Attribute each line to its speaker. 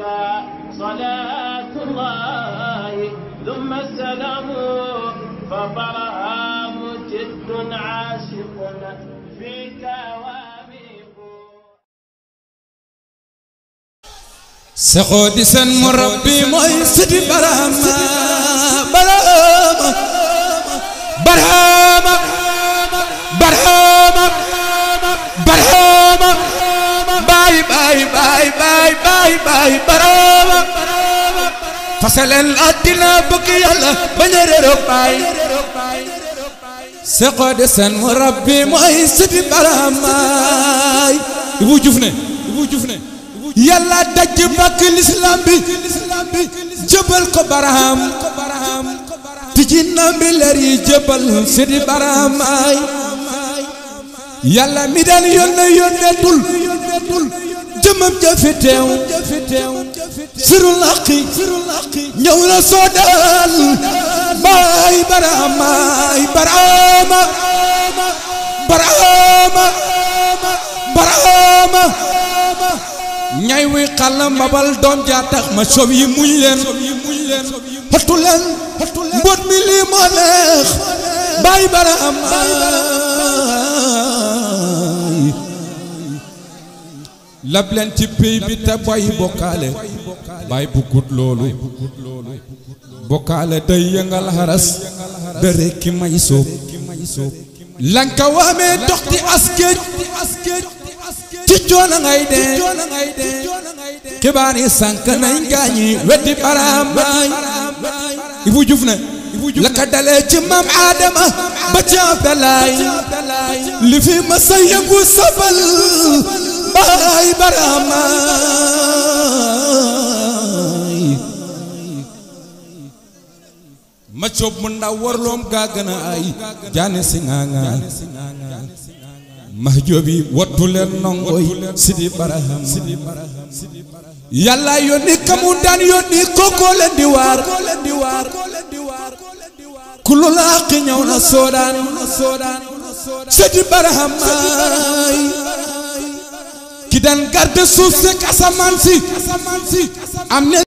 Speaker 1: عليك صلاة الله ثم السلام فطرها مجد عاشق فيك واميق سخو دي سن مربي موي سيدي برهما baay baay baay baay baay baraama fasaleen àddina bëgg yàlla bañ a réeroog baay seqoo de seen mu rabbi mooy siti baraamaay Ibou Diouf ne Ibou Diouf ne yàlla daj bàkk lislaam bi jëbal ko baraam tijji nambi leer yi jëbal sidi baraamaay yàlla mi daan yónne yónneetul jëmam jafe teew sirul haqi ñëw na soodal baay baraama ay baraama baraama baraama ñay wi xàlla mabal doom jaa ma sob yi muñ leen xottu mboot mi lii moo neex baay baraama lab leen ci pey bi te bàyyi bokkaale bàyyi bu loolu bokkaale day yëngal xaras dere ki may soob lanka waamee dox di askeej ci coono ngay dee xibaar yi sànq nañ gaañi weddi baraam baay Ibou Diouf ne la ci maam Adama ba ci Abdalaay li fi ma sa yëngu sabal ma coob mu ndaw warloom gaa gën ay jaane si ngaangaay mahjoobi wattu leen nongoy sidi baraham yàlla yónni kamu daan yónni kookoo leen di waar kullu laaqi ñëw na soodaan soodaan sidi barahamaay ki daan garde suuf si asamaan si am na